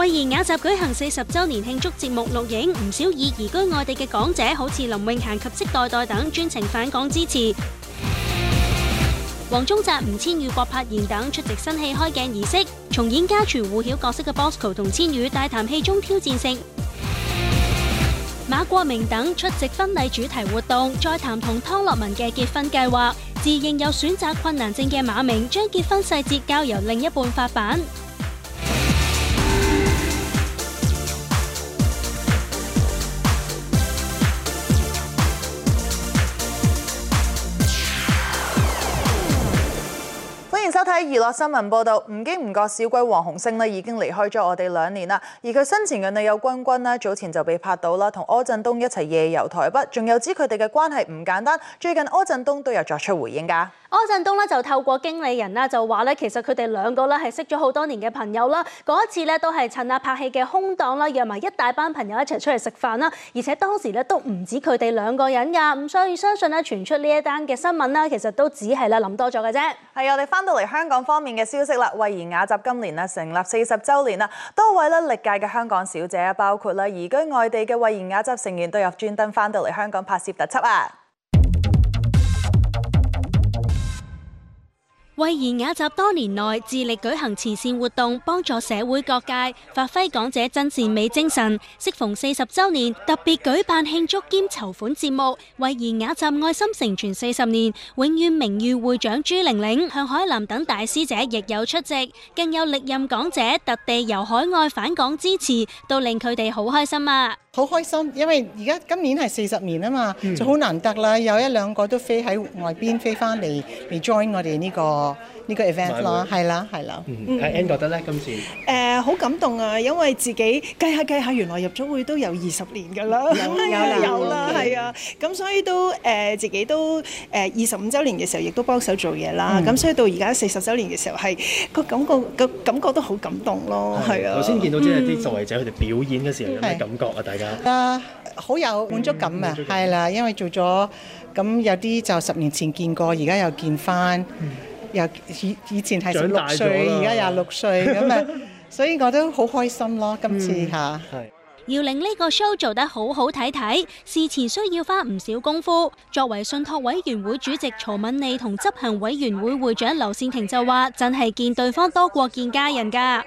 貴賢雅集舉行四十周年慶祝節目錄影，唔少已移居外地嘅港姐，好似林永嫻及息代代等，專程返港支持。黃宗澤、吳 千語、郭柏彥等出席新戲開鏡儀式，重演家傳戶曉角色嘅 Bosco 同千語大談戲中挑戰性。 馬國明等出席婚禮主題活動，再談同湯洛雯嘅結婚計劃。自認有選擇困難症嘅馬明，將結婚細節交由另一半發辦。睇娛樂新聞報道。唔經唔覺，小鬼黃鴻升咧已經離開咗我哋兩年啦。而佢生前嘅女友君君咧，早前就被拍到啦，同柯震東一齊夜遊台北，仲有指佢哋嘅關係唔簡單。最近柯震東都有作出回應噶。柯震東咧就透過經理人啦，就話咧其實佢哋兩個咧係識咗好多年嘅朋友啦。嗰一次咧都係趁啊拍戲嘅空檔啦，約埋一大班朋友一齊出嚟食飯啦。而且當時咧都唔止佢哋兩個人㗎。咁所以相信咧傳出呢一單嘅新聞啦，其實都只係啦諗多咗嘅啫。係，我哋翻到嚟香港方面嘅消息啦，慧賢雅集今年啊成立四十週年啦，多位咧歷屆嘅香港小姐啊，包括咧移居外地嘅慧賢雅集成員都有專登翻到嚟香港拍攝特輯啊。惠賢雅集多年來致力舉行慈善活動，幫助社會各界，發揮港姐真善美精神。適逢四十周年，特別舉辦慶祝兼籌款節目，惠賢雅集愛心承傳四十年，永遠名譽會長朱玲玲向海嵐等大師姐亦有出席，更有歷任港姐特地由海外返港支持，都令佢哋好開心啊！好開心，因為而家今年係四十年啊嘛，就好難得啦，有一兩個都飛喺外邊飛翻嚟嚟 join 我哋呢個呢個 event 咯，係啦，係啦。嗯，阿 N 覺得咧，今次誒好感動啊，因為自己計下計下，原來入咗會都有二十年㗎啦，啱啦，有啦，係啊，咁所以都誒自己都誒二十五週年嘅時候，亦都幫手做嘢啦，咁所以到而家四十週年嘅時候，係個感覺個感覺都好感動咯，係啊。頭先見到即係啲作為者佢哋表演嘅時候，有咩感覺啊？大家？啊！好，uh, 有滿足感啊，係啦，因為做咗咁有啲就十年前見過，而家又見翻，嗯，又以以前係十六歲，而家廿六歲咁啊，所以我都好開心咯，今次吓。嗯，要令呢個 show 做得好好睇睇，事前需要花唔少功夫。作為信託委員會主席曹敏莉同執行委員會會，會長劉善庭就話：真係見對方多過見家人㗎。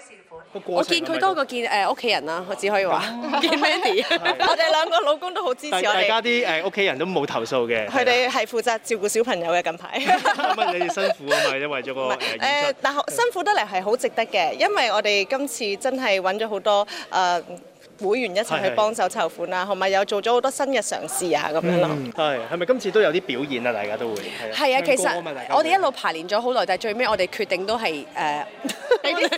過我見佢多過見誒屋企人啦、啊，我只可以話見 Mandy。我哋兩個老公都好支持我哋、呃。大家啲誒屋企人都冇投訴嘅。佢哋係負責照顧小朋友嘅近排。咁 你哋辛苦啊嘛，因為咗、這個誒但辛苦得嚟係好值得嘅， 因為我哋今次真係揾咗好多誒。呃會員一齊去幫手籌款啊，同埋又做咗好多新嘅嘗試啊，咁樣咯。係係咪今次都有啲表演啊？大家都會係啊。其實我哋一路排練咗好耐，但係最尾我哋決定都係誒。係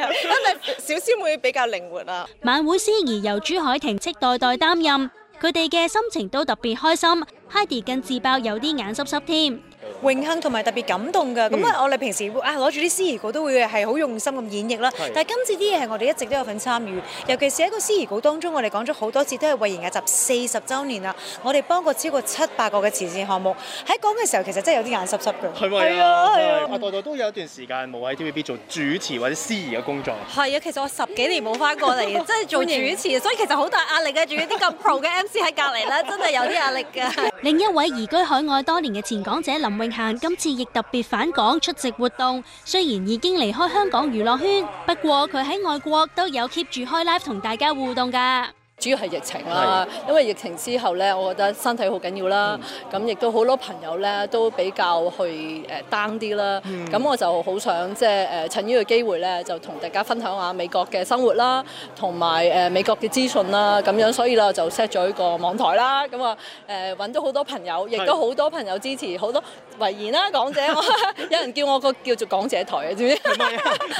啊，因為小師妹會比較靈活啦。晚會司儀由朱海婷、戚黛黛擔任，佢哋嘅心情都特別開心。Heidi 更自爆有啲眼濕濕添。永亨同埋特別感動噶，咁、嗯、啊我哋平時啊攞住啲司儀稿都會係好用心咁演繹啦。是但係今次啲嘢係我哋一直都有份參與，尤其是喺個司儀稿當中，我哋講咗好多次都係慧賢雅集四十週年啦。我哋幫過超過七百個嘅慈善項目。喺講嘅時候其實真係有啲眼濕濕㗎。係咪吧啊？阿代代都有一段時間冇喺 TVB 做主持或者司儀嘅工作。係啊，其實我十幾年冇翻過嚟，即係 做主持，迎所以其實好大壓力嘅。仲要啲咁 pro 嘅 MC 喺隔離咧，真係有啲壓力㗎。 另一位移居海外多年嘅前港姐林泳限今次亦特別返港出席活動，雖然已經離開香港娛樂圈，不過佢喺外國都有 keep 住開 live 同大家互動㗎。主要係疫情啦，的因為疫情之後呢，我覺得身體好緊要啦。咁亦都好多朋友呢，都比較去誒 down 啲啦。咁我就好想即係誒趁呢個機會呢，就同大家分享下美國嘅生活啦，同埋誒美國嘅資訊啦。咁樣所以啦，我就 set 咗一個網台啦。咁啊誒揾到好多朋友，亦都好多朋友支持，好多維言啦、啊，港姐我，有人叫我個叫做港姐台啊，知唔知？係咪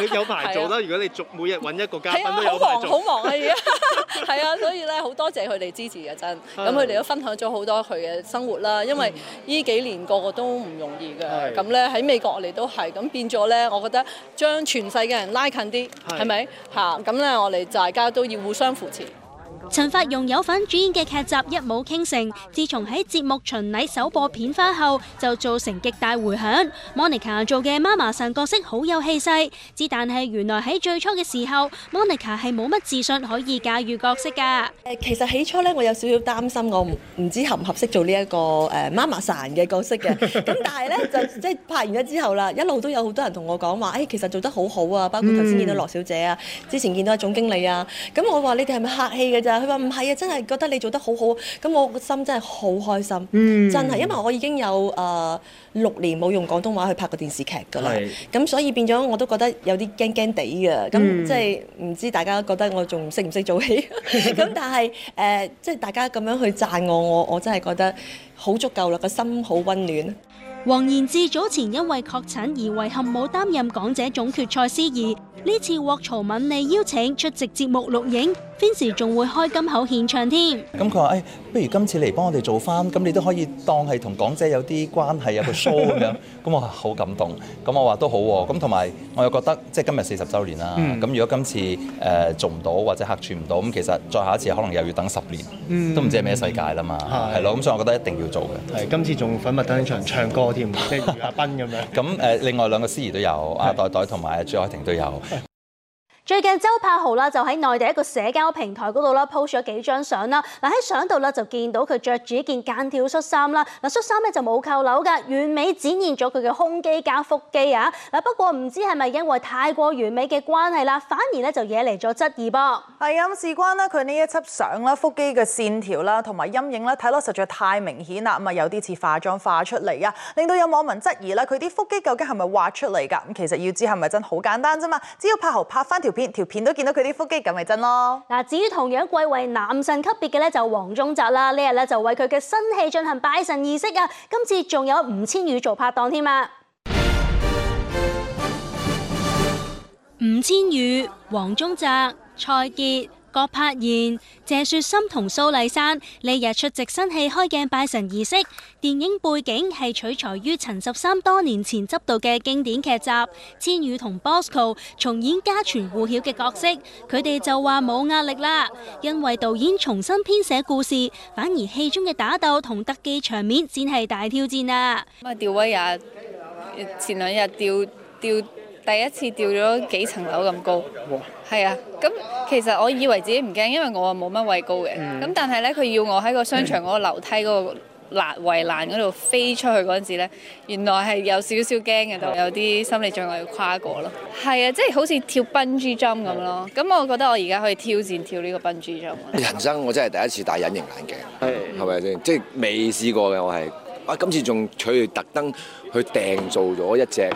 你有排做啦？的如果你逐每日揾一個嘉賓的都有排好忙，好忙啊！而家啊。 所以咧好多謝佢哋支持嘅真，咁佢哋都分享咗好多佢嘅生活啦。因為呢幾年個個都唔容易嘅，咁咧喺美國我哋都係咁變咗咧。我覺得將全世界人拉近啲，係咪吓？咁咧我哋大家都要互相扶持。陳法蓉有份主演嘅劇集《一舞傾城》，自從喺節目巡禮首播片花後，就造成極大回響。Monica 做嘅媽媽神角色好有氣勢，只但係原來喺最初嘅時候，Monica 係冇乜自信可以駕馭角色噶。誒，其實起初咧，我有少少擔心，我唔知合唔合適做呢一個誒媽媽神嘅角色嘅。咁 但係咧，就即係拍完咗之後啦，一路都有好多人同我講話，誒、哎，其實做得好好啊，包括頭先見到羅小姐啊，之前見到阿總經理啊，咁我話你哋係咪客氣嘅啫？但佢話唔係啊，真係覺得你做得好好，咁我個心真係好開心，嗯、真係，因為我已經有誒六、呃、年冇用廣東話去拍過電視劇噶啦，咁是、嗯、所以變咗我都覺得有啲驚驚地嘅，咁即係唔知大家覺得我仲識唔識做戲？咁、嗯、 但係誒、呃，即係大家咁樣去讚我，我我真係覺得好足夠啦，個心好溫暖。黃言志早前因為確診而遺憾冇擔任港姐總決賽司儀，呢次獲曹敏莉邀請出席節目錄影。fans 仲會開金口獻唱添，咁佢話：誒，不如今次嚟幫我哋做翻，咁你都可以當係同港姐有啲關係，有個 show 咁樣，咁我好感動。咁我話都好喎，咁同埋我又覺得，即係今日四十週年啦。咁如果今次誒做唔到或者客串唔到，咁其實再下一次可能又要等十年，都唔知係咩世界啦嘛。係咯，咁所以我覺得一定要做嘅。係今次仲粉墨登場唱歌添，即係阿斌咁樣。咁誒，另外兩個司儀都有，阿袋袋同埋朱海婷都有。最近周柏豪啦，就喺內地一個社交平台嗰度啦，post 咗幾張相啦。嗱喺相度啦，就見到佢着住一件間條恤衫啦。嗱恤衫咧就冇扣紐㗎，完美展現咗佢嘅胸肌加腹肌啊。嗱不過唔知係咪因為太過完美嘅關係啦，反而咧就惹嚟咗質疑噃。係啊，咁事關咧佢呢一輯相啦，腹肌嘅線條啦同埋陰影啦，睇落實在太明顯啦，咁啊有啲似化妝化出嚟啊，令到有網民質疑咧佢啲腹肌究竟係咪畫出嚟㗎？咁其實要知係咪真好簡單啫嘛，只要柏豪拍翻條。條片，條片都見到佢啲腹肌咁，咪真咯！嗱，至於同樣貴為男神級別嘅咧，就黃宗澤啦，呢日咧就為佢嘅新戲進行拜神儀式啊！今次仲有吳千語做拍檔添啊！吳千語、黃宗澤、蔡潔。郭柏妍、謝雪心同蘇麗珊呢日出席新戲開鏡拜神儀式。電影背景係取材於陳十三多年前執導嘅經典劇集。千羽同 Bosco 重演家傳戶曉嘅角色，佢哋就話冇壓力啦，因為導演重新編寫故事，反而戲中嘅打鬥同特技場面先係大挑戰啊。前兩日釣釣。第一次掉咗幾層樓咁高，係啊，咁其實我以為自己唔驚，因為我啊冇乜畏高嘅。咁但係呢，佢要我喺個商場嗰個樓梯嗰個欄圍欄嗰度飛出去嗰陣時呢，原來係有少少驚嘅，有啲心理障礙要跨過咯。係啊，即係好似跳 bungee jump 咁咯。咁我覺得我而家可以挑戰跳呢個 bungee jump。人生我真係第一次戴隱形眼鏡，係係咪先？即係未試過嘅我係，啊今次仲取特登去訂做咗一隻。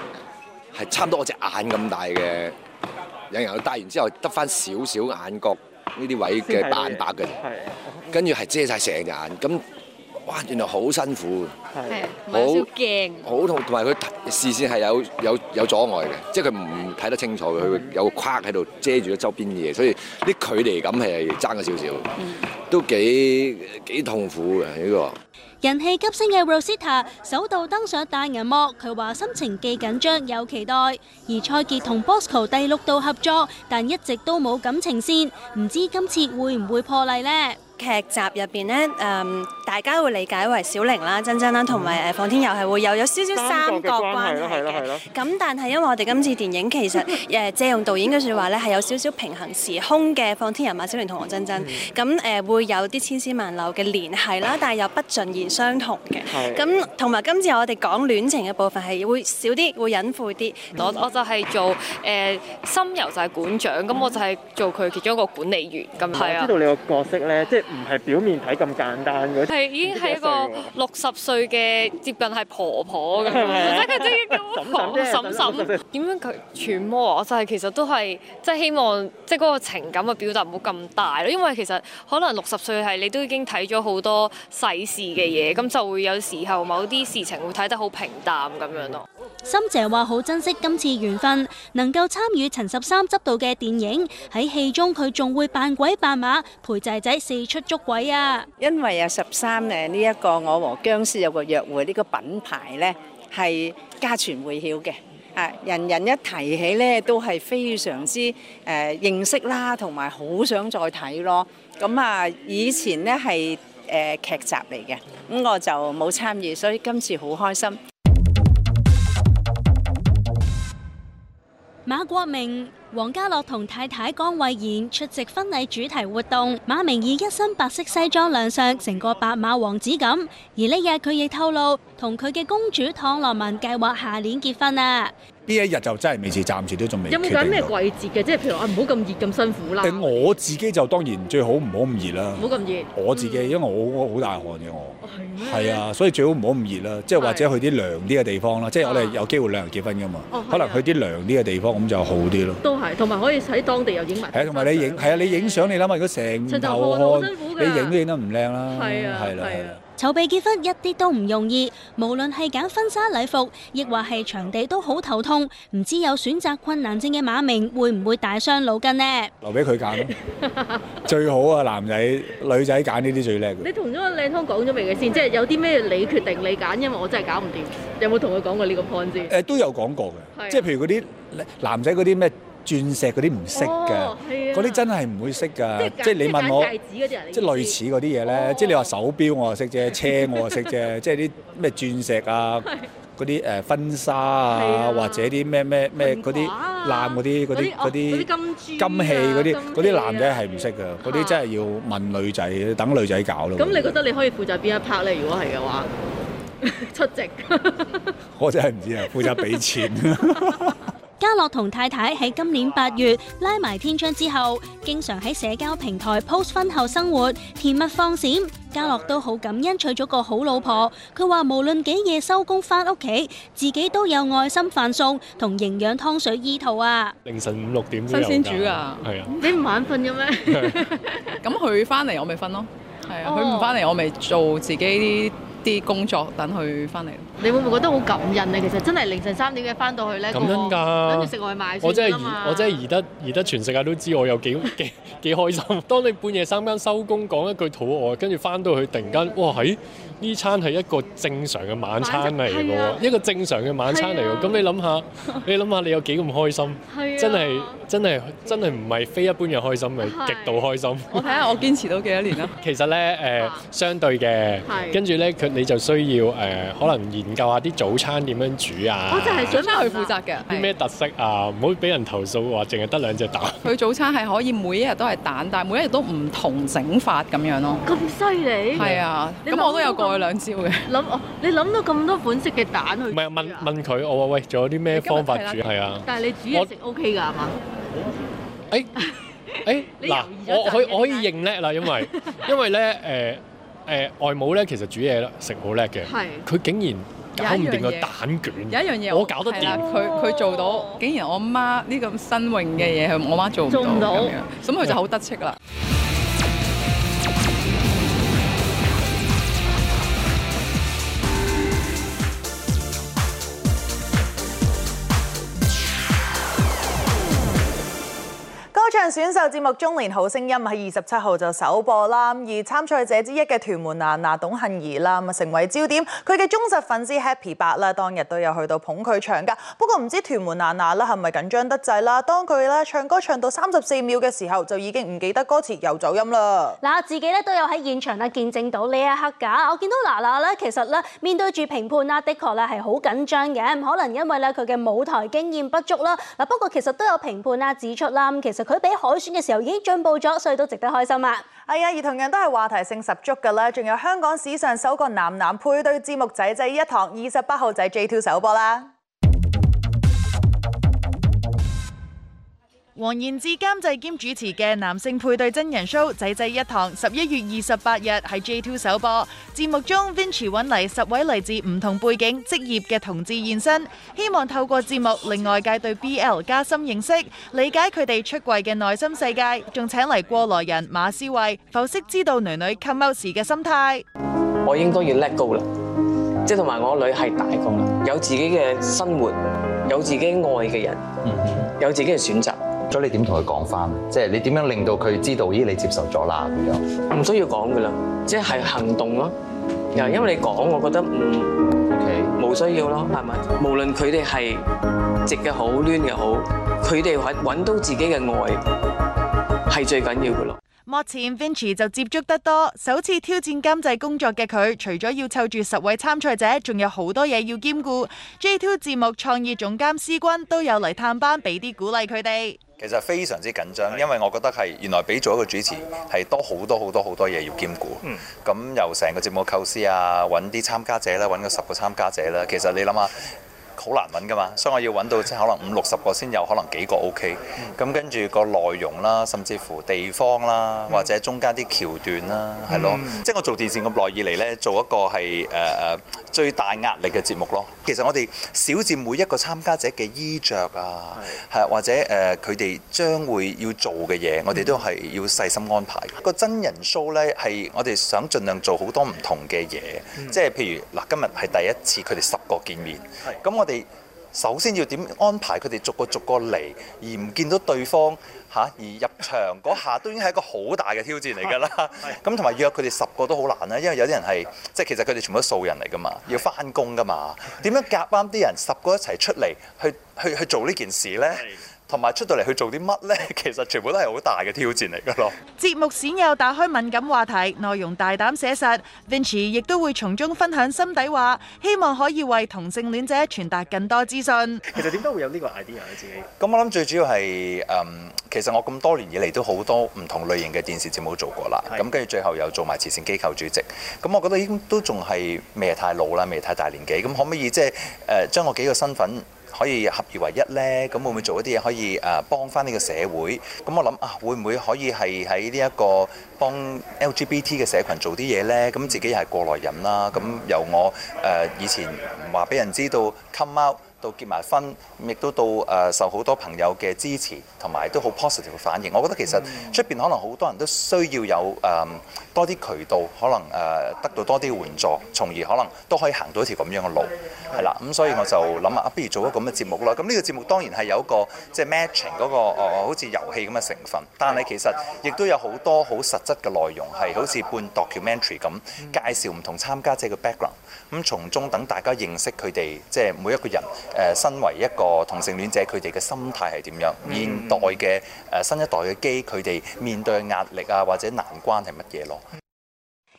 係差唔多我隻眼咁大嘅，有人去戴完之後，得翻少少眼角呢啲位嘅眼白嘅，跟住係遮晒成隻眼，咁哇原來好辛苦，好驚的，好很痛，同埋佢視線係有有有阻礙嘅，即係佢唔睇得清楚，佢、嗯、有個框喺度遮住咗周邊嘢，所以啲距離感係爭咗少少，都幾幾痛苦嘅呢、這個。人氣急升嘅 Rosita 首度登上大銀幕，佢話心情既緊張又期待。而蔡潔同劇集入邊呢，誒，大家會理解為小玲啦、珍珍啦，同埋誒況天佑係會有有少少三角關係嘅。咁但係因為我哋今次電影其實誒借、嗯、用導演嘅説話咧，係有少少平衡時空嘅況天佑、馬小玲同王珍珍咁誒、嗯嗯、會有啲千絲萬縷嘅聯繫啦，但係又不盡然相同嘅。咁同埋今次我哋講戀情嘅部分係會少啲，會隱晦啲、嗯。我我就係做誒、呃、深遊就係館長，咁我就係做佢其中一個管理員咁樣。啊、我知道你個角色咧，即係。唔係表面睇咁簡單嘅，係已經係一個六十歲嘅接近係婆婆咁樣，是是即係啲叫嬸嬸、點樣去揣摩啊？嬸嬸我就係、是、其實都係即係希望即係嗰個情感嘅表達唔好咁大咯，因為其實可能六十歲係你都已經睇咗好多世事嘅嘢，咁就會有時候某啲事情會睇得好平淡咁樣咯。心、嗯、姐話好珍惜今次緣分，能夠參與陳十三執導嘅電影，喺戲中佢仲會扮鬼扮馬，陪仔仔四出捉鬼啊！因為啊十三誒呢一個我和殭屍有個約會呢個品牌呢係家傳戶曉嘅啊，人人一提起呢都係非常之誒、呃、認識啦，同埋好想再睇咯。咁、嗯、啊，以前呢係誒、呃、劇集嚟嘅，咁我就冇參與，所以今次好開心。馬國明、王家樂同太太江惠妍出席婚禮主題活動。馬明以一身白色西裝亮相，成個白馬王子咁。而呢日佢亦透露，同佢嘅公主湯洛雯計劃下年結婚啦、啊。呢一日就真係未遲，暫時都仲未有冇揀咩季節嘅？即係譬如話，唔好咁熱咁辛苦啦。我自己就當然最好唔好咁熱啦。唔好咁熱。我自己因為我好大汗嘅我。係啊，所以最好唔好咁熱啦。即係或者去啲涼啲嘅地方啦。即係我哋有機會兩日結婚噶嘛？可能去啲涼啲嘅地方咁就好啲咯。都係，同埋可以喺當地又影埋。係，同埋你影係啊！你影相你諗下，如果成頭汗，你影都影得唔靚啦。係啊。係啊。籌備結婚一啲都唔容易，無論係揀婚紗禮服，亦或係場地，都好頭痛。唔知有選擇困難症嘅馬明會唔會大傷腦筋呢？留俾佢揀， 最好啊！男仔、女仔揀呢啲最叻。你同咗個靚湯講咗未嘅先？即係有啲咩你決定你揀，因為我真係搞唔掂。有冇同佢講過呢個 point 先？誒都有講過嘅， 即係譬如嗰啲男仔嗰啲咩。鑽石嗰啲唔識㗎，嗰啲真係唔會識㗎。即係你問我，即係類似嗰啲嘢咧。即係你話手錶我係識啫，車我係識啫。即係啲咩鑽石啊，嗰啲誒婚紗啊，或者啲咩咩咩嗰啲爛嗰啲嗰啲啲金器嗰啲嗰啲男仔係唔識㗎。嗰啲真係要問女仔，等女仔搞咯。咁你覺得你可以負責邊一 part 咧？如果係嘅話，出席？我真係唔知啊，負責俾錢。家樂同太太喺今年八月拉埋天窗之後，經常喺社交平台 post 婚後生活甜蜜放閃。家樂都好感恩娶咗個好老婆，佢話無論幾夜收工翻屋企，自己都有愛心飯餸同營養湯水醫肚啊。凌晨五六點新鮮煮噶，係啊，你唔晚瞓嘅咩？咁佢翻嚟我咪瞓咯，係啊，佢唔翻嚟我咪做自己。啲工作等佢翻嚟，你會唔會覺得好感恩啊？其實真係凌晨三點嘅翻到去呢，咁真㗎，跟住食外賣。我真係移，我真係移得移得全世界都知我有幾幾 幾開心。當你半夜三更收工講一句肚餓，跟住翻到去突然間，哇喺？呢餐係一個正常嘅晚餐嚟嘅喎，一個正常嘅晚餐嚟嘅。咁你諗下，你諗下，你有幾咁開心？係啊！真係真係真係唔係非一般嘅開心嚟，極度開心。我睇下我堅持到幾多年啦。其實咧誒，相對嘅，跟住咧佢你就需要誒，可能研究下啲早餐點樣煮啊。我就係早餐去負責嘅。啲咩特色啊？唔好俾人投訴話淨係得兩隻蛋。佢早餐係可以每一日都係蛋，但係每一日都唔同整法咁樣咯。咁犀利！係啊，咁我都有講。外兩招嘅，諗哦，你諗到咁多款式嘅蛋去？唔係問問佢，我話喂，仲有啲咩方法煮？係啊，但係你煮嘢食 OK 㗎係嘛？誒誒，嗱，我可我可以認叻啦，因為因為咧誒誒外母咧其實煮嘢食好叻嘅，佢竟然搞唔掂個蛋卷。有一樣嘢我搞得掂，佢佢做到，竟然我媽呢咁新穎嘅嘢，我媽做唔到咁樣，咁佢就好得戚啦。唱選秀節目《中年好聲音》喺二十七號就首播啦，而參賽者之一嘅屯門娜娜董杏兒啦，咪成為焦點。佢嘅忠實粉絲 Happy 八啦，當日都有去到捧佢場噶。不過唔知屯門娜娜啦係咪緊張得滯啦？當佢咧唱歌唱到三十四秒嘅時候，就已經唔記得歌詞又走音啦。嗱，自己咧都有喺現場啊，見證到呢一刻㗎。我見到娜娜咧，其實咧面對住評判啦，的確咧係好緊張嘅，可能因為咧佢嘅舞台經驗不足啦。嗱，不過其實都有評判啦指出啦，其實佢，比海選嘅時候已經進步咗，所以都值得開心啦。係啊，而同樣都係話題性十足㗎啦。仲有香港史上首個男男配對節目仔，仔，仔，仔，一堂二十八號仔 J Two 首播啦。黃言志監製兼主持嘅男性配對真人 show《仔仔一堂》，十一月二十八日喺 J Two 首播。節目中，Vincy 揾嚟十位嚟自唔同背景、職業嘅同志現身，希望透過節目令外界對 BL 加深認識，理解佢哋出櫃嘅內心世界。仲請嚟過來人馬詩慧，否識知道女女 come out 時嘅心態？我應該要 let go 啦，即係同埋我女係大個啦，有自己嘅生活，有自己愛嘅人，有自己嘅選擇。咗你點同佢講返？即係你點樣令到佢知道咦，你接受咗啦？咁樣唔需要講㗎喇，即係行動咯。又、嗯、因為你講，我覺得嗯 OK，冇需要咯，係咪？無論佢哋係直嘅好，攣嘅好，佢哋揾到自己嘅愛係最緊要㗎咯。目前 Vincent 就接觸得多，首次挑戰監製工作嘅佢，除咗要湊住十位參賽者，仲有好多嘢要兼顧。J Two 節目創意總監施君都有嚟探班，俾啲鼓勵佢哋。其實非常之緊張，因為我覺得係原來比做一個主持係多好多好多好多嘢要兼顧。咁、嗯嗯、由成個節目構思啊，揾啲參加者啦，揾咗十個參加者啦。其實你諗下。好難揾㗎嘛，所以我要揾到即係可能五六十個先有可能幾個 OK。咁跟住個內容啦，甚至乎地方啦，嗯、或者中間啲橋段啦，係、嗯、係咯。即係我做電視咁耐以嚟咧，做一個係誒、呃、最大壓力嘅節目咯。其實我哋小至每一個參加者嘅衣着啊，係係啊或者誒佢哋將會要做嘅嘢，我哋都係要細心安排。個真人 show 咧係我哋想盡量做好多唔同嘅嘢，即係譬如嗱，今日係第一次佢哋十個見面，咁我。我哋首先要點安排佢哋逐個逐個嚟，而唔見到對方嚇、啊，而入場嗰下都已經係一個好大嘅挑戰嚟㗎啦。咁同埋約佢哋十個都好難啦，因為有啲人係 即係其實佢哋全部都素人嚟㗎嘛，要翻工㗎嘛，點 樣夾啱啲人十個一齊出嚟去去去做呢件事呢？ 同埋出到嚟去做啲乜呢？其實全部都係好大嘅挑戰嚟㗎咯。節目鮮有打開敏感話題，內容大膽寫實。Vince 亦都會從中分享心底話，希望可以為同性戀者傳達更多資訊。其實點解會有呢個 idea 咧？自己咁我諗最主要係誒、嗯，其實我咁多年以嚟都好多唔同類型嘅電視節目做過啦。咁跟住最後又做埋慈善機構主席。咁我覺得已經都仲係未太老啦，未太大年紀。咁可唔可以即係誒將我幾個身份？可以合二為一呢？咁會唔會做一啲嘢可以誒幫返呢個社會？咁我諗啊，會唔會可以係喺呢一個幫 LGBT 嘅社群做啲嘢呢？咁自己又係過來人啦，咁由我誒、呃、以前話俾人知道 come out。到結埋婚，亦都到誒、呃、受好多朋友嘅支持，同埋都好 positive 嘅反應。我覺得其實出面可能好多人都需要有誒、呃、多啲渠道，可能誒、呃、得到多啲援助，從而可能都可以行到一條咁樣嘅路，係啦。咁、嗯、所以我就諗下啊，不如做一個咁嘅節目啦。咁、嗯、呢、這個節目當然係有一個即係、就是、matching 嗰、那個、呃、好似遊戲咁嘅成分，但係其實亦都有很多很好多好實質嘅內容係好似半 documentary 咁介紹唔同參加者嘅 background，咁、嗯、從、嗯、中等大家認識佢哋即係每一個人。誒身為一個同性戀者，佢哋嘅心態係點樣？嗯、現代嘅誒、呃、新一代嘅基，佢哋面對嘅壓力啊，或者難關係乜嘢咯？嗯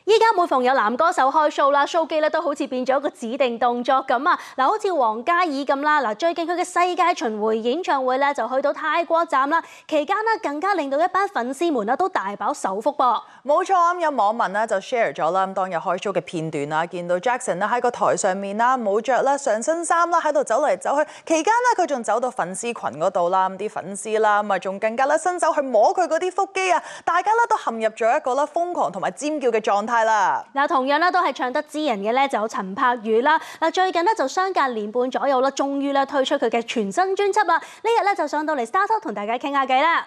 依家每逢有男歌手開 show 啦，show 肌咧都好似變咗一個指定動作咁啊！嗱，好似王嘉爾咁啦，嗱，最近佢嘅世界巡回演唱會咧就去到泰國站啦，期間呢更加令到一班粉絲們呢都大飽手福噃。冇錯，咁有網民呢就 share 咗啦，咁當日開 show 嘅片段啦，見到 Jackson 咧喺個台上面啦，冇着啦上身衫啦，喺度走嚟走去，期間呢，佢仲走到粉絲群嗰度啦，咁啲粉絲啦咁啊仲更加咧伸手去摸佢嗰啲腹肌啊！大家咧都陷入咗一個啦瘋狂同埋尖叫嘅狀態。啦，嗱，同樣咧都係唱得知人嘅咧，就有陳柏宇啦。嗱，最近咧就相隔年半左右咯，終於咧推出佢嘅全新專輯啦。呢日咧就上到嚟 StarTalk 同大家傾下偈啦。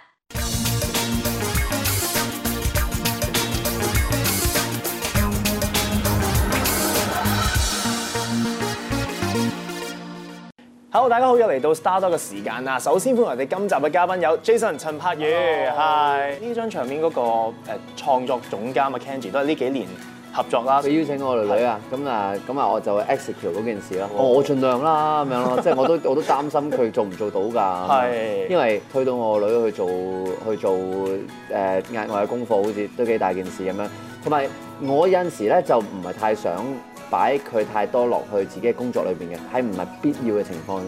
Hello 大家好，又嚟到 Star 多嘅時間啦。首先歡迎我哋今集嘅嘉賓有 Jason、陳柏宇，係呢張場面嗰個誒創作總監啊，Candy 都係呢幾年合作啦。佢邀請我女女啊，咁啊咁啊，我就 execute 嗰件事啦。我好我盡量啦，咁的樣咯，即係我都我都擔心佢做唔做到㗎。係的因為推到我女去做去做誒額外嘅功課好，好似都幾大件事咁樣。同埋我有陣時咧，就唔係太想。擺佢太多落去自己嘅工作裏邊嘅，係唔係必要嘅情況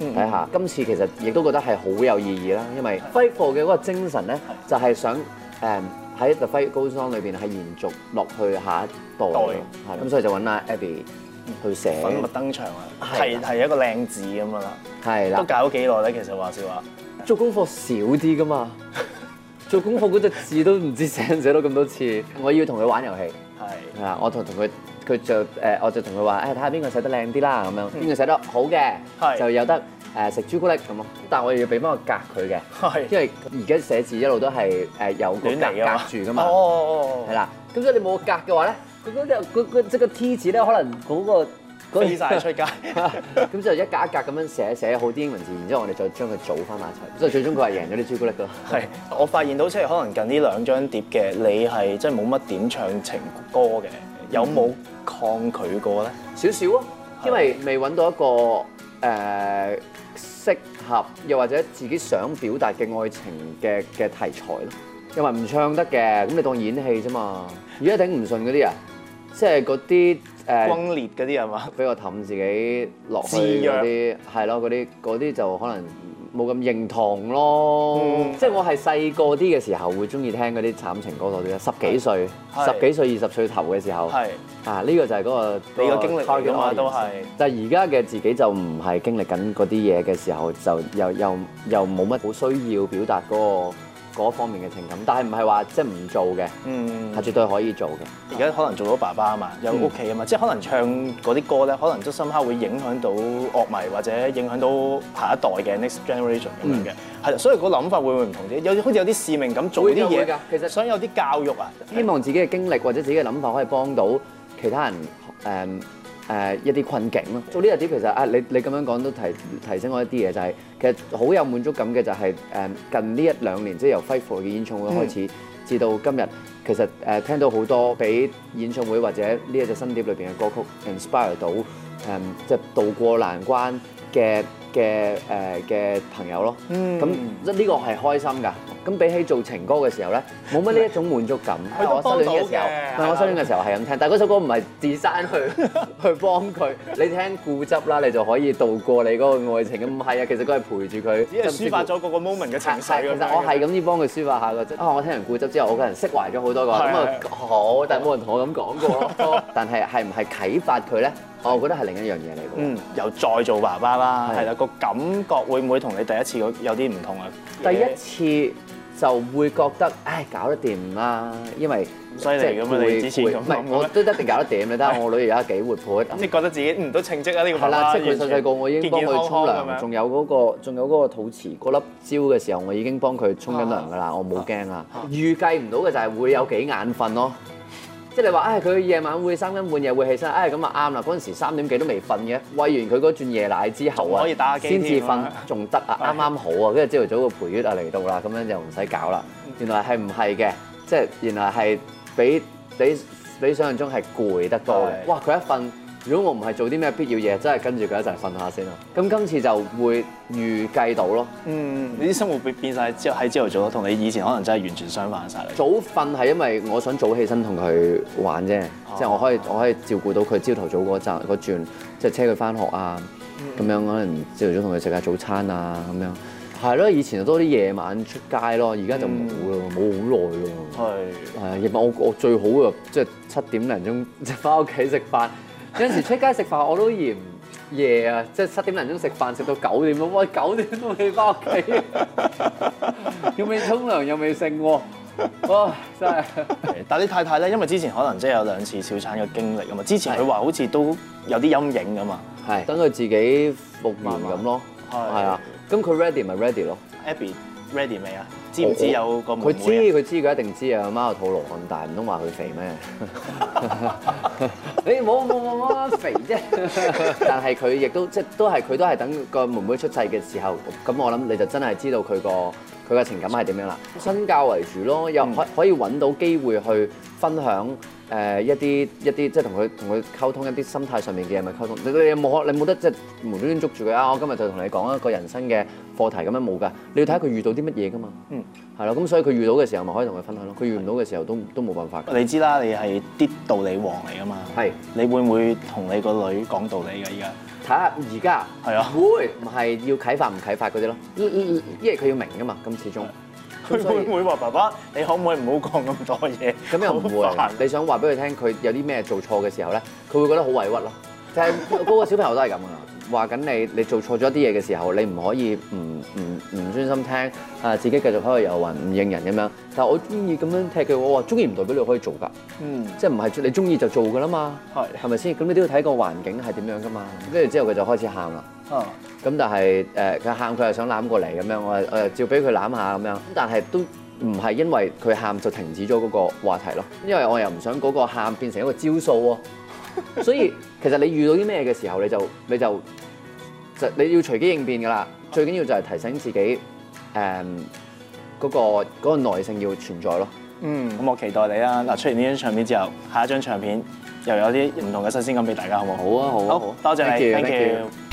睇下，今次其實亦都覺得係好有意義啦。因為揮霍嘅嗰個精神咧，就係想誒喺 The Five Guns 裏邊係延續落去下一代，咁代所以就揾阿 Abby 去寫。粉墨登場啊，係係的一個靚字咁啊啦，都的搞咗幾耐咧。其實話說是話，做功課少啲噶嘛。 做功課嗰隻字都唔知寫唔寫到咁多次。我要同佢玩遊戲，係啊是的，我同同佢。佢、啊、就誒，我就同佢話誒，睇下邊個寫得靚啲啦，咁樣邊個寫得好嘅，就有得誒食朱古力咁咯。但係我又要俾翻個格佢嘅，因為而家寫字一路都係誒有個格格住㗎嘛。哦，係啦。咁所以你冇格嘅話咧，佢嗰啲個個即係個 T 字咧，可能嗰個嗰啲曬出街。咁就一格一格咁樣寫寫好啲英文字，然之後我哋就將佢組翻埋一齊。咁所以最終佢係贏咗啲朱古力咯。係，我發現到即係可能近呢兩張碟嘅你係真係冇乜點唱情歌嘅，有冇？抗拒過咧，少少啊，因為未揾到一個誒、呃、適合又或者自己想表達嘅愛情嘅嘅題材咯。又咪唔唱得嘅，咁你當演戲啫嘛。而家頂唔順嗰啲啊，即係嗰啲誒，呃、轟烈嗰啲係嘛？俾我氹自己落去嗰啲，係咯弱，嗰啲嗰啲就可能。冇咁認同咯，即係我係細個啲嘅時候會中意聽嗰啲慘情歌多啲，十幾歲、是是十幾歲、二十歲頭嘅時候，啊呢是是個就係嗰、嗰個、嗰個、你個經歷啊嘛，都係。但係而家嘅自己就唔係經歷緊嗰啲嘢嘅時候，就又又又冇乜好需要表達嗰、嗰個。嗰方面嘅情感，但係唔係話即係唔做嘅，係、嗯、絕對可以做嘅。而家可能做到爸爸啊嘛，有屋企啊嘛，嗯、即係可能唱嗰啲歌咧，可能都深刻會影響到樂迷或者影響到下一代嘅 next generation 咁樣嘅。係，所以個諗法會唔同啲，有好似有啲使命咁做啲嘢㗎。其實想有啲教育啊，希望自己嘅經歷或者自己嘅諗法可以幫到其他人誒。嗯誒一啲困境咯，做呢一碟其實啊，你你咁樣講都提提醒我一啲嘢，就係、是、其實好有滿足感嘅就係誒近呢一兩年，即係由恢復嘅演唱會開始，至是的 到今日，其實誒聽到好多俾演唱會或者呢一隻新碟裏邊嘅歌曲 inspire 到誒即係渡過難關嘅。嘅誒嘅朋友咯，咁呢個係開心噶。咁比起做情歌嘅時候咧，冇乜呢一種滿足感。我失戀嘅時候，唔對對、嗯、我失戀嘅時候係咁聽。但係嗰首歌唔係自然去去幫佢。你聽固執啦，你就可以度過你嗰個愛情。咁係啊，其實佢係陪住佢，只係抒發咗嗰個 moment 嘅情緒。其實我係咁意幫佢抒發下嘅啫。啊，我聽完固執之後，我個人釋懷咗好多個。咁啊好，但冇人同我咁講過。好 但係係唔係啟發佢咧？我覺得係另一樣嘢嚟嘅。嗯，又再做爸爸啦，係啦是的 對，個感覺會唔會同你第一次有啲唔同啊？第一次就會覺得，唉，搞得掂啦，因為即咁會唔會唔係我都一定搞得掂嘅。但我女而家幾活潑。咁你覺得自己唔到稱職啊？呢的個係啦，即係佢細細個，我已經幫佢沖涼，仲有嗰、那個仲有嗰個肚臍嗰粒蕉嘅時候，我已經幫佢沖緊涼㗎啦。我冇驚啊。 預計唔到嘅就係會有幾眼瞓咯。即係你話，誒佢夜晚會三更半夜會起身，誒咁啊啱啦！嗰陣時三點幾都未瞓嘅，餵完佢嗰轉夜奶之後啊，可以打下機添，先至瞓仲得啊，啱啱對 好啊！跟住朝頭早個陪月嚟到啦，咁樣就唔使搞啦。原來係唔係嘅，即係原來係比比比想象中係攰得多。嘅。對 哇！佢一瞓。如果我唔係做啲咩必要嘢，真係跟住佢一齊瞓下先咯。咁今次就會預計到咯。嗯，你啲生活變變曬喺朝喺朝頭早同你以前可能真係完全相反曬。早瞓係因為我想早起身同佢玩啫，即係、啊、我可以我可以照顧到佢朝頭早嗰陣嗰轉，即係車佢翻學啊，咁、嗯、樣可能朝頭早同佢食下早餐啊，咁樣。係咯，以前就多啲夜晚出街咯，而家就冇咯，冇好耐咯。係誒，夜晚的我我最好嘅即係七點零鐘即係翻屋企食飯。有陣時出街食飯我都嫌夜啊，即係七點零鐘食飯食到九點，喂九點都未翻屋企，又未沖涼又未食喎，哇真係！但你太太咧，因為之前可能即係有兩次小產嘅經歷啊嘛，之前佢話好似都有啲陰影啊嘛，係等佢自己復原咁咯，係啊漫，咁佢 ready 咪 ready 咯，Abby ready 未啊？知唔知有個妹妹？佢知，佢知，佢一定知啊！阿媽個肚蘿咁大，唔通話佢肥咩？你冇冇冇冇，肥啫！ 但係佢亦都即係都係佢都係等個妹妹出世嘅時候，咁我諗你就真係知道佢個佢個情感係點樣啦。身教為主咯，又可可以揾到機會去分享誒一啲一啲，即係同佢同佢溝通一啲心態上面嘅嘢咪溝通。你有冇可你冇得即係無端端捉住佢啊！我今日就同你講一個人生嘅。課題咁樣冇㗎，你要睇下佢遇到啲乜嘢㗎嘛。嗯，係啦，咁所以佢遇到嘅時候咪可以同佢分享咯。佢對 遇唔到嘅時候都都冇辦法你。你知啦，你係啲道理王嚟㗎嘛。係，是 你會唔會同你個女講道理㗎依家？睇下而家。係啊。會唔係要啟發唔啟發嗰啲咯？因為佢要明㗎嘛，咁始終。佢會唔會話爸爸，你可唔可以唔好講咁多嘢咁很煩？你想話俾佢聽，佢有啲咩做錯嘅時候咧，佢會覺得好委屈咯。就係、是、嗰個小朋友都係咁㗎。話緊你，你做錯咗啲嘢嘅時候，你唔可以唔唔唔專心聽啊，自己繼續喺度遊魂，唔應人咁樣。但係我中意咁樣踢佢，我話中意唔代表你可以做㗎，嗯，即係唔係你中意就做㗎啦嘛，係係咪先？咁你都要睇個環境係點樣㗎嘛。跟住之後佢就開始喊啦，咁、嗯、但係誒，佢喊佢係想攬過嚟咁樣，我係照俾佢攬下咁樣，但係都唔係因為佢喊就停止咗嗰個話題咯，因為我又唔想嗰個喊變成一個招數喎。 所以其實你遇到啲咩嘅時候，你就你就就你要隨機應變噶啦。好 最緊要就係提醒自己，那個，誒，嗰個個耐性要存在咯。嗯，咁我期待你啦。嗱，出完呢張唱片之後，下一張唱片又有啲唔同嘅新鮮感俾大家，好唔好啊？好啊，好好。多好謝，謝你，thank you。thank you.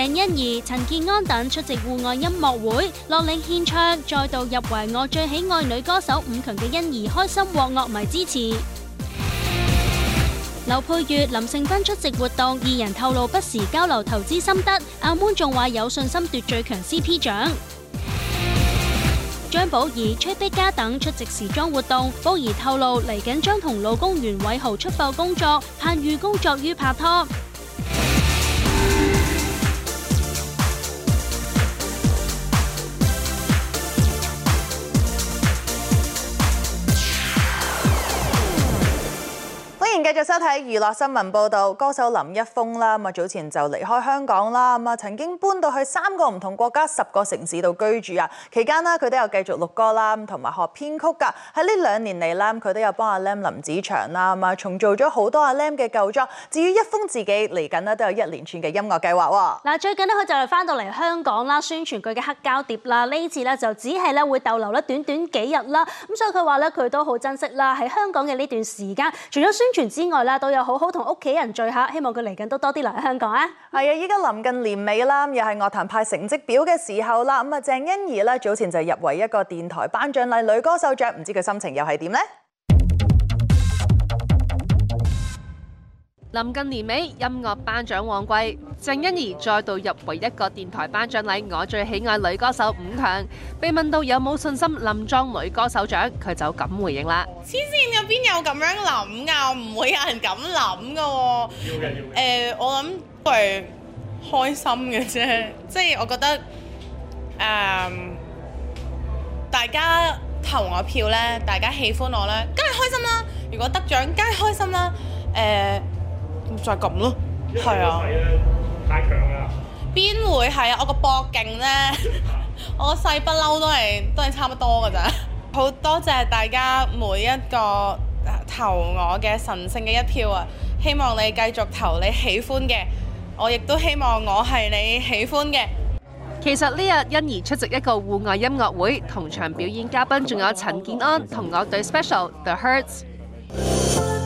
鄭欣宜、陳建安等出席戶外音樂會，落力獻唱，再度入圍我最喜愛女歌手五強嘅欣宜開心獲樂迷支持。劉佩玥、林盛斌出席活動，二人透露不時交流投資心得，阿 Moon 仲話有信心奪最強 CP 獎。張寶儀、崔碧珈等出席時裝活動，寶儀透露嚟緊將同老公袁偉豪出埠工作，盼遇工作與拍拖。繼續收睇娛樂新聞報道，歌手林一峰啦，咁啊早前就離開香港啦，咁啊曾經搬到去三個唔同國家、十個城市度居住啊。期間呢，佢都有繼續錄歌啦，同埋學編曲噶。喺呢兩年嚟咧，佢都有幫阿 Lam 林子祥啦，咁啊重做咗好多阿 Lam 嘅舊作。至於一峰自己嚟緊呢，都有一連串嘅音樂計劃喎。嗱，最近呢，佢就嚟翻到嚟香港啦，宣傳佢嘅黑膠碟啦。呢次咧就只係咧會逗留咧短短幾日啦，咁所以佢話咧佢都好珍惜啦，喺香港嘅呢段時間，除咗宣傳自之外啦，都有好好同屋企人聚下，希望佢嚟緊都多啲留喺香港啊！係啊，依家臨近年尾啦，又係樂壇派成績表嘅時候啦，咁、嗯、啊，鄭欣宜咧早前就入圍一個電台頒獎禮女歌手獎，唔知佢心情又係點呢？臨近年尾，音樂頒獎旺季，鄭欣宜再度入圍一個電台頒獎禮我最喜愛女歌手五強，被問到有冇信心冧莊女歌手獎，佢就咁回應啦：黐線有邊有咁樣諗噶？唔會有人咁諗噶。要嘅，要嘅。誒，我諗都係開心嘅啫，即、就、係、是、我覺得誒、呃，大家投我票咧，大家喜歡我咧，梗係開心啦。如果得獎，梗係開心啦。誒、呃。 再咁咯，係啊，太強啦！邊 會係啊？我個膊勁呢？ 我個細不嬲都係都係差唔多㗎咋。 好多謝大家每一個投我嘅神聖嘅一票啊！希望你繼續投你喜歡嘅，我亦都希望我係你喜歡嘅。其實呢日欣宜出席一個戶外音樂會，同場表演嘉賓仲有陳健安同樂隊 Special The Hertz。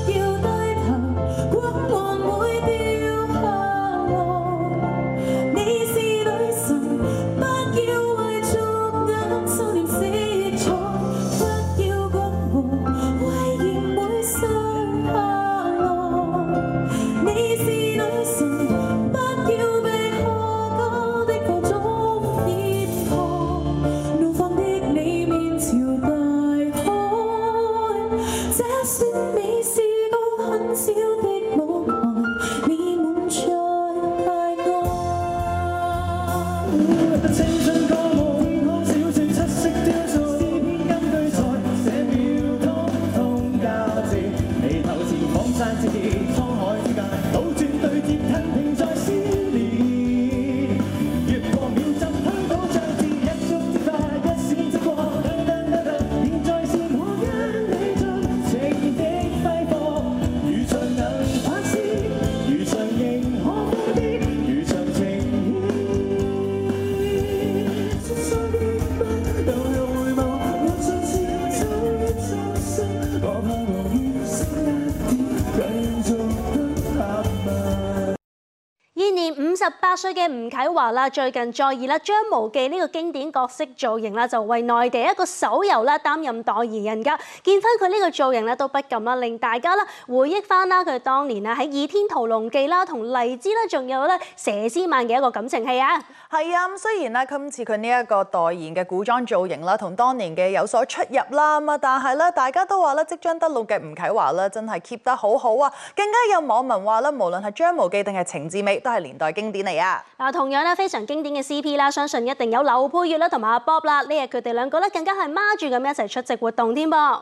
嘅吳啟華啦，最近再以啦張無忌呢個經典角色造型啦，就為內地一個手遊啦擔任代言人噶，見翻佢呢個造型咧，都不禁啦令大家咧回憶翻啦佢當年啦喺《倚天屠龍記》啦同黎姿啦仲有咧佘詩曼嘅一個感情戲啊！係啊，咁雖然咧，今次佢呢一個代言嘅古裝造型啦，同當年嘅有所出入啦，咁啊，但係咧，大家都話咧，即將得露嘅吳啟華咧，真係 keep 得好好啊！更加有網民話咧，無論係《張無忌》定係《程至美》，都係年代經典嚟啊！嗱，同樣咧，非常經典嘅 CP 啦，相信一定有劉佩玥啦同埋阿 Bob 啦，呢日佢哋兩個咧更加係孖住咁一齊出席活動添噃。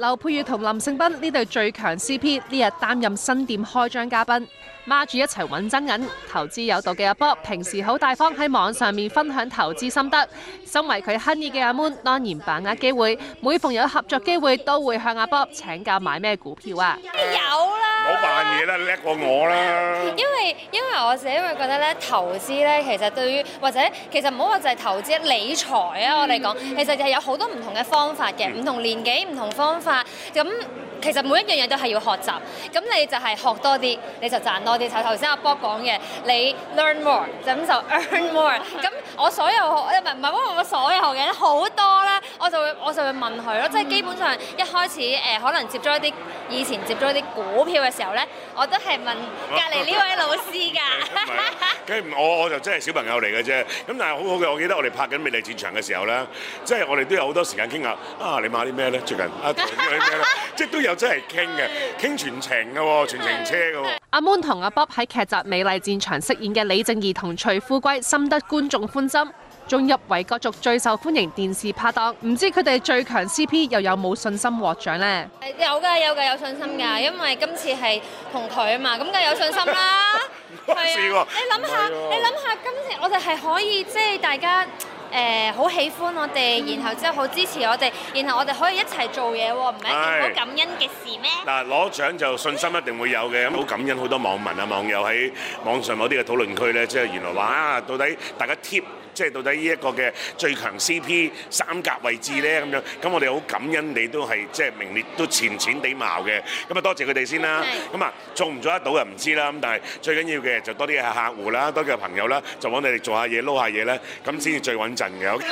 劉佩玥同林盛斌呢對最強 CP 呢日擔任新店開張嘉賓，孖住一齊揾真銀，投資有道嘅阿 Bob 平時好大方喺網上面分享投資心得。身為佢亨耳嘅阿 moon 當然把握機會，每逢有合作機會都會向阿 Bob 請教買咩股票啊。有啦。好扮嘢啦，叻過我啦！因為因為我自己會覺得咧，投資咧其實對於或者其實唔好話就係投資理財啊，我哋講、嗯、其實就係有好多唔同嘅方法嘅，嗯、唔同年紀唔同方法咁。其實每一樣嘢都係要學習，咁你就係學多啲，你就賺多啲。就頭先阿 Bob 講嘅，你 learn more，就咁就 earn more。咁我所有，唔係唔係我我所有學嘅，好多咧，我就會我就會問佢咯。即係基本上一開始誒，可能接觸一啲以前接觸一啲股票嘅時候咧，我都係問隔離呢位老師㗎。梗係唔，我我就真係小朋友嚟嘅啫。咁但係好好嘅，我記得我哋拍緊美麗戰場嘅時候咧，即係我哋都有好多時間傾下。啊，你買啲咩咧？最近，啊，投資啲咩咧？即係都有。又真係傾嘅，傾全程㗎喎，全程車㗎喎。阿 Moon 同阿 Bob 喺劇集《美麗戰場》飾演嘅李靜怡同徐富貴，深得觀眾歡心，仲入圍各族最受歡迎電視拍檔。唔知佢哋最強 CP 又有冇信心獲獎呢？有㗎，有㗎，有信心㗎。嗯、因為今次係同佢啊嘛，咁梗係有信心啦。係啊， 你諗下，的你諗下的，今次我哋係可以即係、就是、大家。誒好、呃、喜歡我哋，然後之後好支持我哋，然後我哋可以一齊做嘢喎、哦，唔係一件好感恩嘅事咩？嗱、哎，攞獎就信心一定會有嘅，咁好感恩好多網民啊、網友喺網上某啲嘅討論區咧，即、就、係、是、原來話啊，到底大家貼。即係到底呢一個嘅最強 CP 三甲位置咧咁樣，咁是的 我哋好感恩你都係即係名列都前前地茅嘅，咁啊多謝佢哋先啦。咁啊是的 做唔做得到又唔知啦。咁但係最緊要嘅就多啲嘅客戶啦，多啲嘅朋友啦，就搵你哋做下嘢，撈下嘢啦，咁先至最穩陣嘅。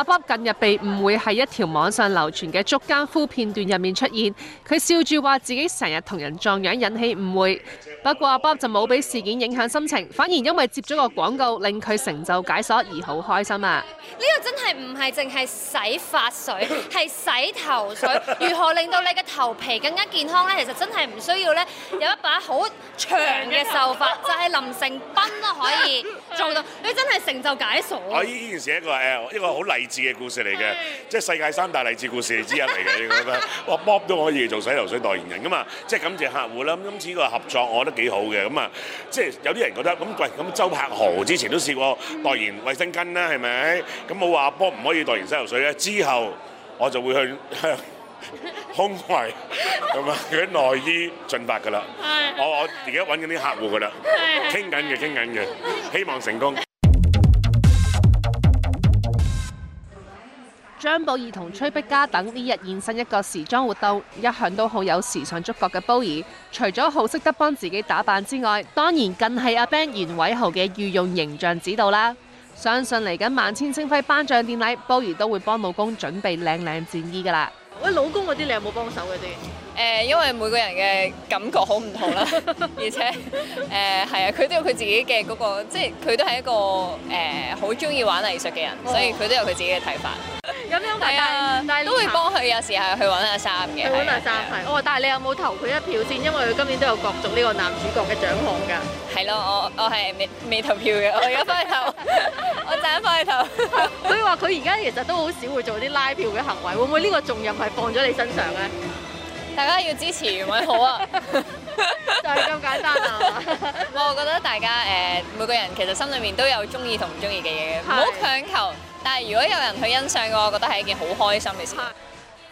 阿 Bob 近日被誤會喺一條網上流傳嘅捉奸夫片段入面出現，佢笑住話自己成日同人撞樣引起誤會。不過阿 Bob 就冇俾事件影響心情，反而因為接咗個廣告令佢成就解鎖而好開心啊！呢個真係唔係淨係洗髮水，係洗頭水。如何令到你嘅頭皮更加健康呢？其實真係唔需要呢，有一把好長嘅秀髮就係林盛斌都可以做到。你，這個，真係成就解鎖。我依依件事一個誒一個好例。字嘅故事嚟嘅，即係世界三大勵志故事之一嚟嘅。你覺得，我 Bob 都可以做洗頭水代言人噶嘛，即係感謝客戶啦。咁今次呢個合作我覺得幾好嘅，咁啊，即係有啲人覺得咁，喂，咁周柏豪之前都試過代言衛生巾啦，係咪？咁我話 Bob 唔可以代言洗頭水咧？之後我就會去胸圍同埋嗰啲內衣進發噶啦，我我而家揾緊啲客戶噶啦，傾緊嘅傾緊嘅，希望成功。張寶兒同崔碧嘉等呢日現身一個時裝活動，一向都好有時尚觸覺嘅寶兒，除咗好識得幫自己打扮之外，當然更係阿 Ben 袁偉豪嘅御用形象指導啦。相信嚟緊萬千星輝頒獎典禮，寶兒都會幫領領老公準備靚靚戰衣噶啦。喂，老公嗰啲你有冇幫手嗰啲？誒、呃，因為每個人嘅感覺好唔同啦， 而且誒係、呃、啊，佢都有佢自己嘅嗰、那個，即係佢都係一個誒好中意玩藝術嘅人，所以佢都有佢自己嘅睇法。有咩？但係都會幫佢有時係去揾下衫嘅，去揾下衫係。哦，但係你有冇投佢一票先？因為佢今年都有角逐呢個男主角嘅獎項㗎。係咯，我我係未未投票嘅，我而家翻去投，我掟翻去投。所以話佢而家其實都好少會做啲拉票嘅行為，會唔會呢個重任係放咗你身上咧？大家要支持咪好啊？就係咁簡單啊。我覺得大家誒，每個人其實心裡面都有中意同唔中意嘅嘢，唔好強求。但係如果有人去欣賞嘅話，我覺得係一件好開心嘅事。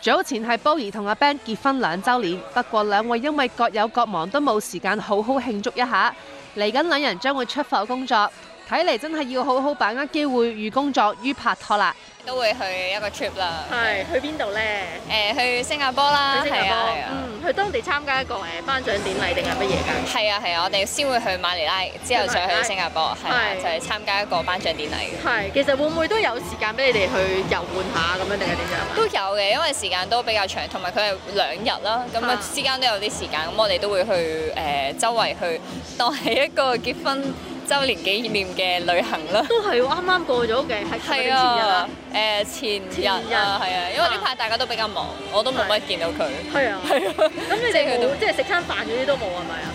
早前係 Bowie 同阿 Ben 結婚兩週年，不過兩位因為各有各忙，都冇時間好好慶祝一下。嚟緊兩人將會出埠工作，睇嚟真係要好好把握機會，與工作於拍拖啦。都會去一個 trip 啦，係去邊度咧？誒、欸，去新加坡啦，係啊，啊嗯，去當地參加一個誒頒獎典禮定係乜嘢噶？係啊係啊，我哋先會去馬尼拉，之後再去新加坡，係、啊啊、就係、是、參加一個頒獎典禮。係、啊，其實會唔會都有時間俾你哋去遊玩下咁樣定係點樣啊？都有嘅，因為時間都比較長，同埋佢係兩日啦，咁啊之間都有啲時間，咁、啊、我哋都會去誒、呃、周圍去當係一個結婚。周年紀念嘅旅行啦，都係啱啱過咗嘅，係前日誒前日係啊，因為呢排大家都比較忙，我都冇乜見到佢係啊，係啊，咁你哋冇即係食餐飯嗰啲都冇係咪啊？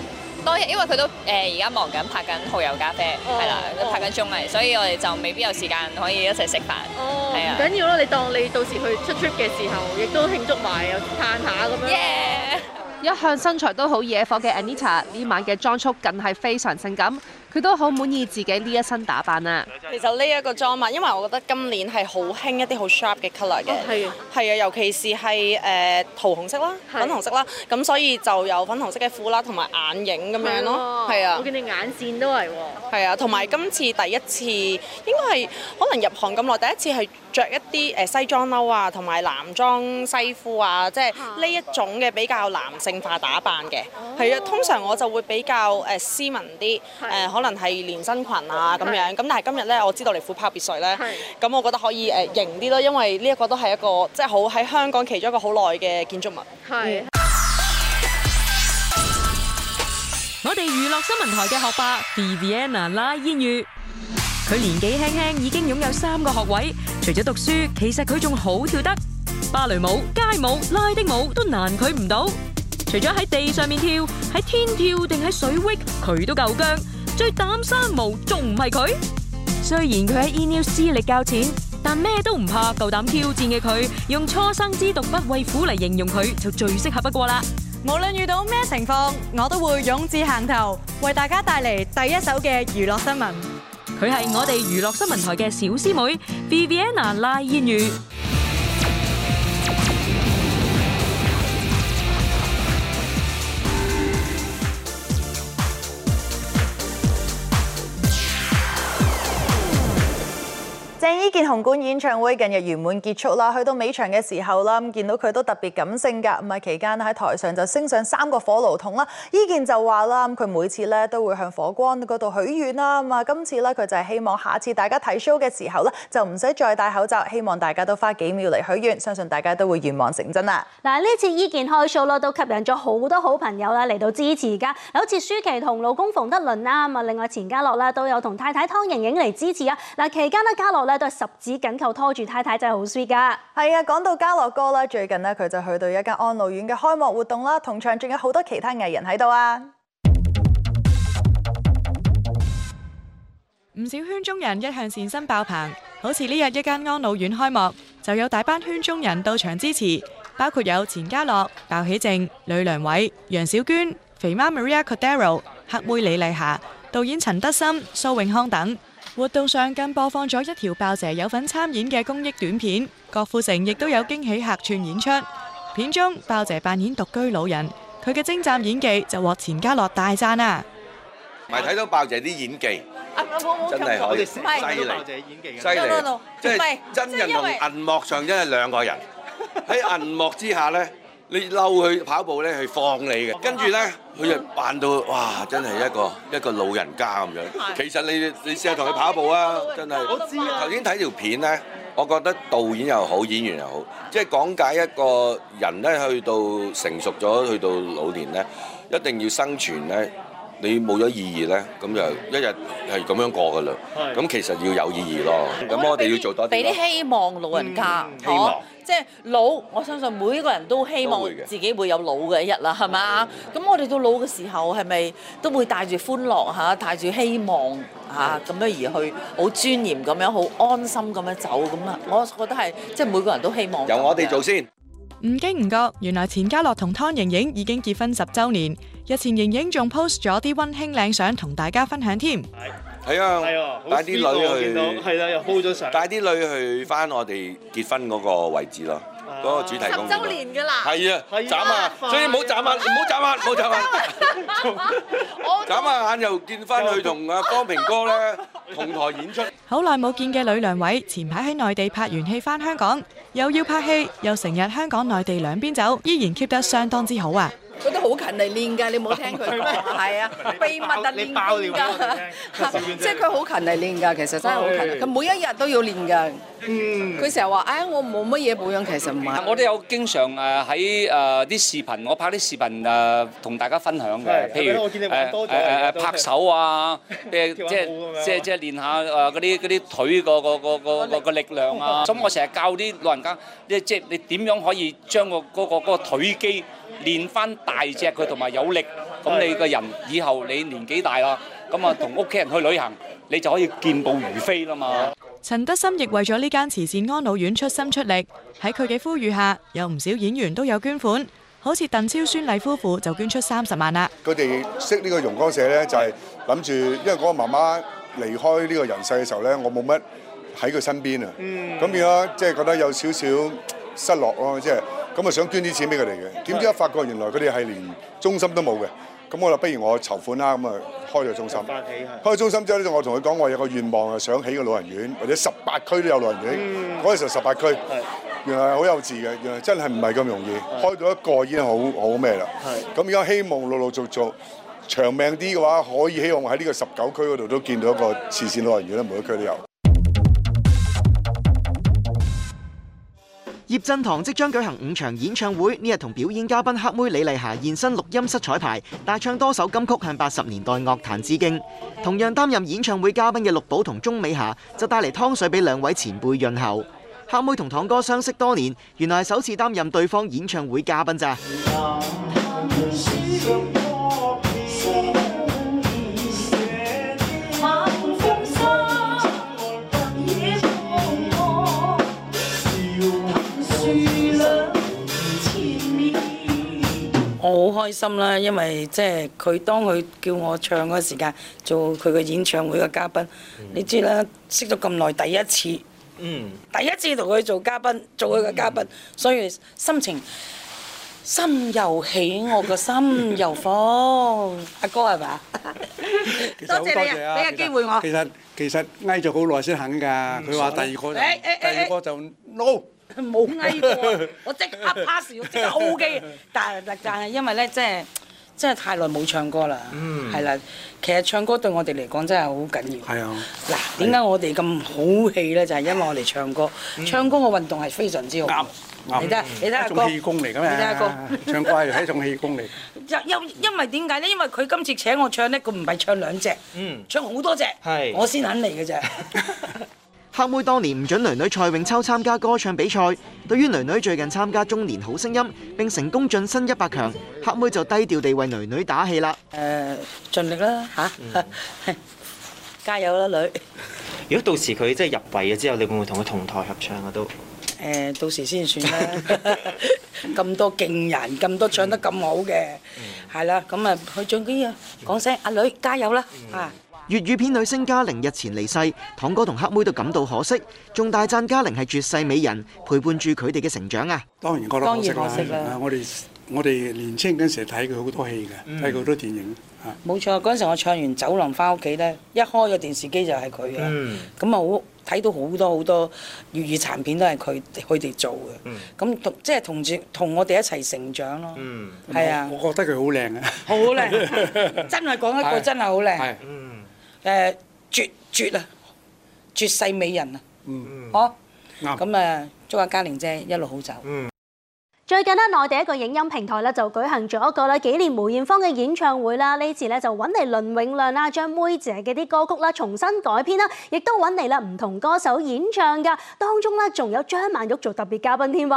當日因為佢都誒而家忙緊拍緊《蠔油咖啡》係啦，拍緊綜藝，所以我哋就未必有時間可以一齊食飯。哦，唔緊要咯，你當你到時去出 trip 嘅時候，亦都慶祝埋，又嘆下咁樣。耶！一向身材都好惹火嘅 Anita 呢晚嘅裝束更係非常性感。佢都好滿意自己呢一身打扮啊。其實呢一個妝嘛，因為我覺得今年係好興一啲好 sharp 嘅 color 嘅。係、哦、啊、啊，尤其是係誒、呃、桃紅色啦、是粉紅色啦，咁所以就有粉紅色嘅褲啦，同埋眼影咁樣咯。係啊，啊我見你眼線都係喎。係啊，同埋、啊、今次第一次應該係可能入行咁耐第一次係。着一啲誒西裝褸啊，同埋男裝西褲啊，即係呢一種嘅比較男性化打扮嘅。係啊、哦，通常我就會比較誒斯文啲，誒是可能係連身裙啊咁樣。咁是但係今日咧，我知道你虎豹別墅咧，咁是、嗯、我覺得可以誒型啲咯，因為呢一個都係一個即係好喺香港其中一個好耐嘅建築物。係是。嗯、我哋娛樂新聞台嘅學霸 Vienna 啦煙雨。佢年紀輕輕已經擁有三個學位，除咗讀書，其實佢仲好跳得，芭蕾舞、街舞、拉丁舞都難佢唔到。除咗喺地上面跳，喺天跳定喺水域，佢都夠薑。最膽生毛仲唔係佢？雖然佢喺 E-News 資歷較淺，但咩都唔怕，夠膽挑戰嘅佢，用初生之犢不畏虎嚟形容佢就最適合不過啦。無論遇到咩情況，我都會勇字行頭，為大家帶嚟第一手嘅娛樂新聞。佢係我哋娛樂新聞台嘅小師妹 Viviana 賴燕如。伊健紅館演唱會近日圓滿結束啦，去到尾場嘅時候啦，咁見到佢都特別感性㗎，咁啊期間喺台上就升上三個火爐筒啦，伊健就話啦，佢每次咧都會向火光嗰度許願啦，咁啊今次咧佢就係希望下次大家睇 show 嘅時候咧就唔使再戴口罩，希望大家都花幾秒嚟許願，相信大家都會願望成真啦。嗱，呢次伊健開 show 啦，都吸引咗好多好朋友啦嚟到支持㗎，好似舒淇同老公馮德倫啦，啊另外錢嘉樂啦都有同太太湯盈盈嚟支持啊，嗱期間呢，嘉樂咧都。十指緊扣拖住太太真係好 sweet 噶，係啊！講到家樂哥啦，最近呢，佢就去到一間安老院嘅開幕活動啦，同場仲有好多其他藝人喺度啊！唔少圈中人一向善心爆棚，好似呢日一間安老院開幕，就有大班圈中人到場支持，包括有錢嘉樂、鮑起靜、呂良偉、楊小娟、肥媽 Maria Cordero、黑妹李麗霞、導演陳德森、蘇永康等。活動上更播放咗一條爆姐有份參演嘅公益短片，郭富城亦都有驚喜客串演出。片中爆姐扮演獨居老人，佢嘅精湛演技就獲錢嘉樂大讚啊！咪睇到爆姐啲演技，真係好犀利，即係真人同銀幕上真係兩個人。喺銀幕之下呢。你嬲佢跑步咧，係放你嘅。跟住咧，佢就扮到哇，真係一個一個老人家咁樣。其實你你試下同佢跑步啊，真係。我知啊。頭先睇條片咧，我覺得導演又好，演員又好，即係講解一個人咧，去到成熟咗，去到老年咧，一定要生存咧，你冇咗意義咧，咁就一日係咁樣過噶啦。係。咁其實要有意義咯。咁我哋要做多啲俾啲希望老人家。希望。即係老，我相信每個人都希望自己會有老嘅一日啦，係咪啊？咁吧、嗯、我哋到老嘅時候，係咪都會帶住歡樂嚇，帶住希望嚇，咁、啊、樣而去，好尊嚴咁樣，好安心咁樣走咁啊？我覺得係，即係每個人都希望。由我哋做先。唔經唔覺，原來錢嘉樂同湯盈盈已經結婚十週年。日前盈盈仲 post 咗啲溫馨靚相同大家分享添。係啊，帶啲女去。係啦，又鋪咗成。帶啲女去翻我哋結婚嗰個位置咯，嗰個主題公園。十週年㗎啦。係啊，眨下，所以唔好眨下，唔好眨下，唔好眨下。眨下眼又見翻佢同阿江平哥咧同台演出。好耐冇見嘅呂良偉，前排喺內地拍完戲翻香港，又要拍戲，又成日香港內地兩邊走，依然 keep 得相當之好啊！佢都好勤力練㗎，你冇聽佢講係啊？秘密係練㗎，即係佢好勤力練㗎。其實真係好勤力，佢每一日都要練㗎。嗯，佢成日話，誒，我冇乜嘢保養，其實唔係。我都有經常誒喺誒啲視頻，我拍啲視頻誒同大家分享嘅，譬如誒誒誒拍手啊，即係即係即係即係練下誒嗰啲嗰啲腿個個個個個力量啊。咁我成日教啲老人家，即即係你點樣可以將個嗰個嗰個腿肌練翻大。大隻佢同埋有力，咁你個人以後你年紀大啦，咁啊同屋企人去旅行，你就可以健步如飛啦嘛。陳德森亦為咗呢間慈善安老院出心出力，喺佢嘅呼籲下，有唔少演員都有捐款，好似鄧超、孫儷夫婦就捐出三十萬啦。佢哋識呢個容光社咧，就係諗住，因為嗰個媽媽離開呢個人世嘅時候咧，我冇乜喺佢身邊啊，咁而家即係覺得有少少失落咯，即係。咁啊想捐啲錢俾佢哋嘅，點知一發覺原來佢哋係連中心都冇嘅，咁我就不如我籌款啦，咁啊開咗中心，開咗中心之後咧，就是、我同佢講我有個願望啊，想起個老人院或者十八區都有老人院，嗰陣、嗯、時十八區，的原來好幼稚嘅，原來真係唔係咁容易，的開到一個已經好好咩啦，咁而家希望陸陸續續長命啲嘅話，可以希望喺呢個十九區嗰度都見到一個慈善老人院啦，每一區都有。葉振棠即將舉行五場演唱會，呢日同表演嘉賓黑妹李麗霞現身錄音室彩排，大唱多首金曲向八十年代樂壇致敬。同樣擔任演唱會嘉賓嘅陸寶同鍾美霞就帶嚟湯水俾兩位前輩潤喉。黑妹同棠哥相識多年，原來係首次擔任對方演唱會嘉賓咋。開心啦，因為即係佢當佢叫我唱嗰個時間，做佢個演唱會個嘉賓，你知啦，識咗咁耐第一次，第一次同佢做嘉賓，做佢個嘉賓，所以心情心又喜，我個心又放，阿哥係咪？多謝你啊俾個機會我。其實其實挨咗好耐先肯噶，佢話第二個，第二個就 no。冇嗌喎，我即刻 pass，我即刻 OK。但係但係因為咧，即係真係太耐冇唱歌啦，係啦。其實唱歌對我哋嚟講真係好緊要。係啊。嗱，點解我哋咁好氣咧？就係因為我哋唱歌，唱歌個運動係非常之好。啱。你睇，你睇阿哥。係一種氣功嚟㗎咩？你睇阿哥。唱歌係一種氣功嚟。因因為點解咧？因為佢今次請我唱咧，佢唔係唱兩隻，唱好多隻，我先肯嚟嘅啫。黑妹當年唔准囡囡蔡永秋參加歌唱比賽，對於囡囡最近參加中年好聲音，並成功晉身一百強，黑妹就低調地為囡囡打氣啦。誒，盡力啦，吓，加油啦，女！如果到時佢即係入圍咗之後，你會唔會同佢同台合唱啊？都誒，到時先算啦。咁多勁人，咁多唱得咁好嘅，係啦，咁啊，去獎杯啊，講聲阿女加油啦，啊！粵語片女星嘉玲日前離世，堂哥同黑妹都感到可惜，仲大讚嘉玲係絕世美人，陪伴住佢哋嘅成長啊。當然覺得好可惜啦。我哋我哋年青嗰陣時睇佢好多戲嘅，睇過好多電影。冇錯，嗰陣、嗯、是時我唱完《走廊》翻屋企咧，一開個電視機就係佢啦。咁啊好睇到好多好多粵語殘片都係佢佢哋做嘅。咁即係同住同我哋一齊成長咯。係、嗯、啊我，我覺得佢好靚啊。好靚， 真係講一句，真係好靚。誒絕絕啊，絕世美人啊，嗯嗯，嚇，咁啊，祝阿嘉玲姐一路好走。嗯，最近咧，內地一個影音平台咧就舉行咗一個咧紀念梅艷芳嘅演唱會啦，呢次咧就揾嚟倫永亮啦，將妹姐嘅啲歌曲啦重新改編啦，亦都揾嚟啦唔同歌手演唱㗎，當中咧仲有張曼玉做特別嘉賓添。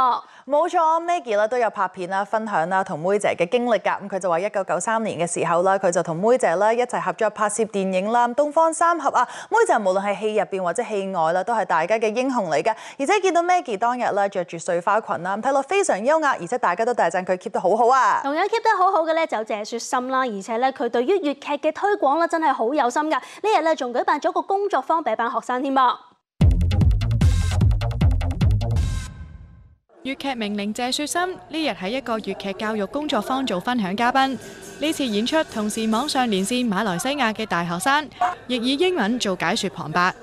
冇錯，Maggie 啦都有拍片啦、分享啦同妹姐嘅經歷㗎。咁佢就話：一九九三年嘅時候啦，佢就同妹姐啦一齊合作拍攝電影啦《東方三俠》啊。妹姐無論係戲入邊或者戲外啦，都係大家嘅英雄嚟㗎。而且見到 Maggie 當日啦著住碎花裙啦，睇落非常優雅，而且大家都大讚佢 keep 得好好啊。同樣 keep 得好好嘅咧就謝雪心啦，而且咧佢對於粵劇嘅推廣咧真係好有心㗎。呢日咧仲舉辦咗個工作坊俾班學生添噃。粵劇名伶謝雪心呢日喺一個粵劇教育工作坊做分享嘉賓，呢次演出同時網上連線馬來西亞嘅大學生，亦以英文做解說旁白。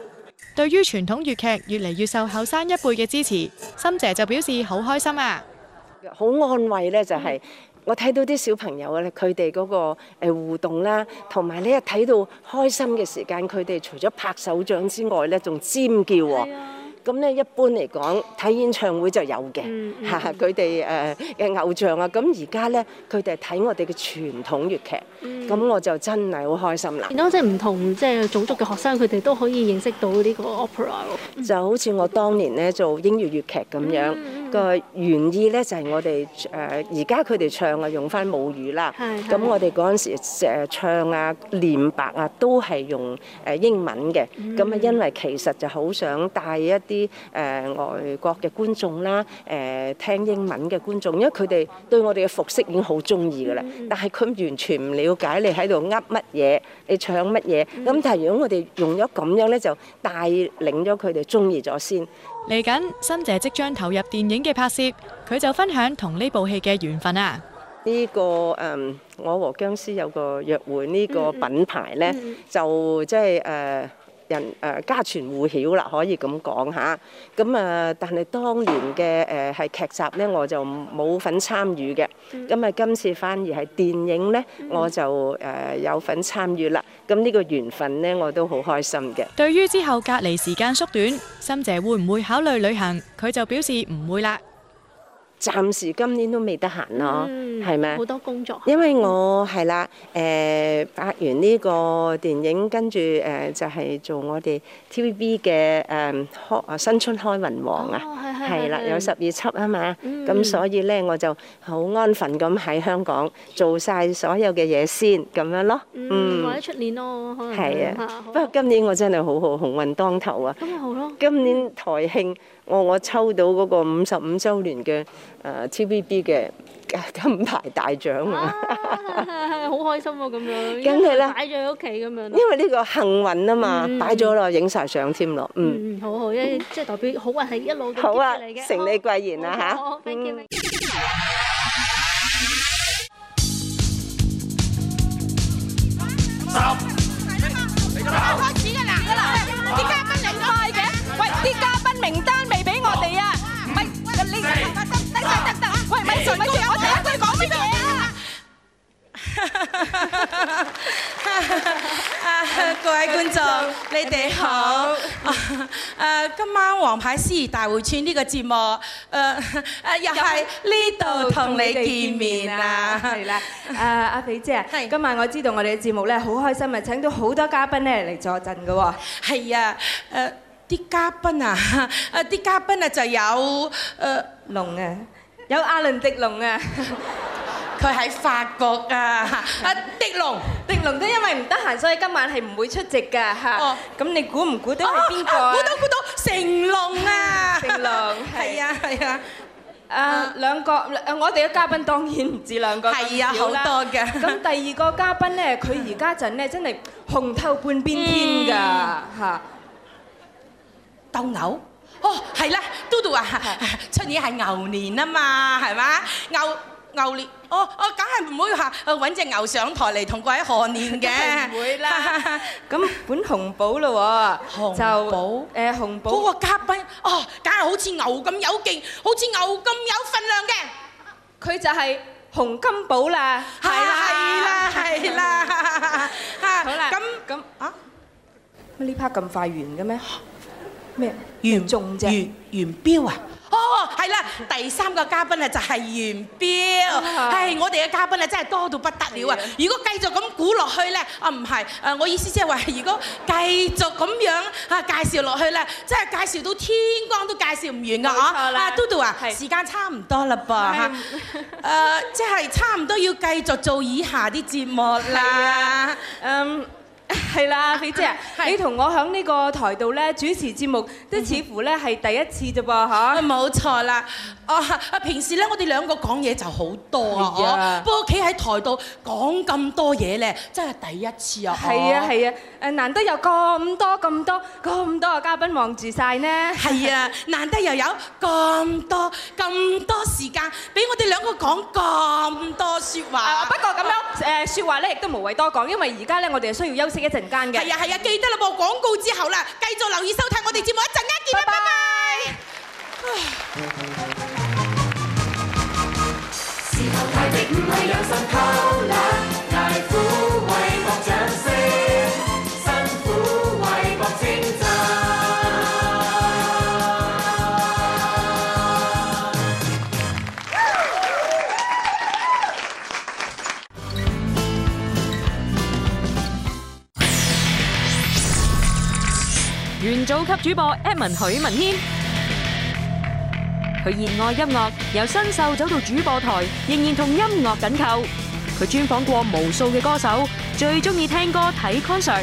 對於傳統粵劇越嚟越受後生一輩嘅支持，心姐就表示好開心啊，好安慰咧就係我睇到啲小朋友咧，佢哋嗰個誒互動啦，同埋你又睇到開心嘅時間，佢哋除咗拍手掌之外咧，仲尖叫喎。咁咧一般嚟講睇演唱會就有嘅吓佢哋誒嘅偶像啊！咁而家咧佢哋睇我哋嘅傳統粵劇，咁、嗯、我就真係好開心啦！見到即係唔同即係種族嘅學生，佢哋都可以認識到呢個 opera、嗯、就好似我當年咧做英語粵劇咁樣個、嗯嗯、原意咧就係、是、我哋誒而家佢哋唱啊用翻母語啦，咁我哋嗰陣時誒唱啊念白啊都係用誒英文嘅，咁啊、嗯嗯、因為其實就好想帶一啲。啲誒外國嘅觀眾啦，誒聽英文嘅觀眾，因為佢哋對我哋嘅服飾已經好中意㗎喇，但係佢完全唔了解你喺度噏乜嘢，你唱乜嘢，咁但係如果我哋用咗咁樣咧，就帶領咗佢哋中意咗先。嚟緊新姐即將投入電影嘅拍攝，佢就分享同呢部戲嘅緣分啊！呢個誒，我和殭屍有個約會，呢個品牌咧，就即係誒。人誒家傳戶曉啦，可以咁講吓。咁啊，但係當年嘅誒係劇集呢，我就冇份參與嘅。咁啊，今次反而係電影呢，我就誒有份參與啦。咁呢個緣分呢，我都好開心嘅。對於之後隔離時間縮短，心姐會唔會考慮旅行？佢就表示唔會啦。暫時今年都未得閒咯，係咪、嗯？好嗎多工作。因為我係啦，誒、呃、拍完呢個電影，跟住誒、呃、就係、是、做我哋 TVB 嘅誒開、呃、新春開運王啊，係、哦、啦，有十二輯啊嘛。咁、嗯、所以咧，我就好安分咁喺香港做晒所有嘅嘢先，咁樣咯。嗯，或者出年咯，可能。係啊，好不過今年我真係好好，紅運當頭啊！咁咪、嗯、好咯。今年台慶。我我抽到嗰個五十五週年嘅誒 T V B 嘅金牌大獎啊！好開心啊！咁樣，梗係啦，擺咗喺屋企咁樣。因為呢個幸運啊嘛，擺咗咯，影曬相添咯，嗯。好好，即係代表好運係一路到終結嚟嘅。成你貴言啊嚇！好，歡迎你。開始㗎啦！啲嘉賓領快嘅，喂！啲嘉賓名單。喂，咪住，我第一句講乜嘢啊？各位觀眾，你哋好。誒，今晚黃牌詩意大會串呢個節目，誒誒，又係呢度同你哋見面啦。係啦。誒，阿肥姐，今晚我知道我哋嘅節目咧，好開心啊！請到好多嘉賓咧嚟坐陣㗎喎。係啊。誒。啲嘉賓啊，啊啲嘉賓啊就有誒龍啊，有阿倫狄龍啊，佢喺法國啊。阿狄龍，狄龍都因為唔得閒，所以今晚係唔會出席㗎吓。哦，咁你估唔估到係邊個啊？估到估到，成龍啊！成龍，係啊係啊。誒兩個誒，我哋嘅嘉賓當然唔止兩個咁少啦。係啊，好多㗎。咁第二個嘉賓咧，佢而家陣咧真係紅透半邊天㗎吓。鬥牛哦，係啦，嘟嘟啊，出年係牛年啊嘛，係嘛，牛牛年，哦哦，梗係唔會話搵隻牛上台嚟，同各位賀年嘅，梗係唔會啦。咁本紅寶咯喎，紅寶誒，紅寶嗰個嘉賓，哦，梗係好似牛咁有勁，好似牛咁有份量嘅，佢就係洪金寶啦，係啦，係啦，係啦，好啦，咁咁啊，乜呢 part 咁快完嘅咩？咩？元眾啫，元元彪啊！哦，係啦，第三個嘉賓咧就係元彪。係，我哋嘅嘉賓咧真係多到不得了啊！如果繼續咁估落去咧，啊唔係，誒我意思即係話，如果繼續咁樣嚇介紹落去咧，真係介紹到天光都介紹唔完㗎哦！錯啦，嘟嘟啊，時間差唔多啦噃嚇。誒，即係差唔多要繼續做以下啲節目啦。嗯。係啦，菲姐，你同我響呢個台度咧主持節目，都似乎咧係第一次啫噃，嚇。冇錯啦，我啊平時咧我哋兩個講嘢就好多嘢，嗬。不過企喺台度講咁多嘢咧，真係第一次啊。係啊係啊，誒難得有咁多咁多咁多嘅嘉賓望住曬呢。係啊，難得又有咁多咁多時間，俾我哋兩個講咁多説話。不過咁樣誒説話咧亦都無謂多講，因為而家咧我哋係需要休。一陣間嘅。係啊係啊，記得啦，播廣告之後啦，繼續留意收睇我哋節目，一陣間見啊，bye bye 拜拜。 早級主播 Emman 許文謙，佢熱愛音樂，由新秀走到主播台，仍然同音樂緊扣。佢專訪過無數嘅歌手，最中意聽歌睇 concert。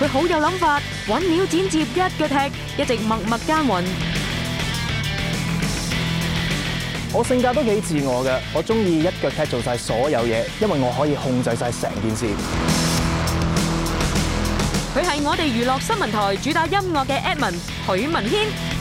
佢好有諗法，搵料剪接一腳踢，一直默默耕耘。我性格都幾自我嘅，我中意一腳踢做晒所有嘢，因為我可以控制晒成件事。佢係我哋娛樂新聞台主打音樂嘅 Edmond 許文軒。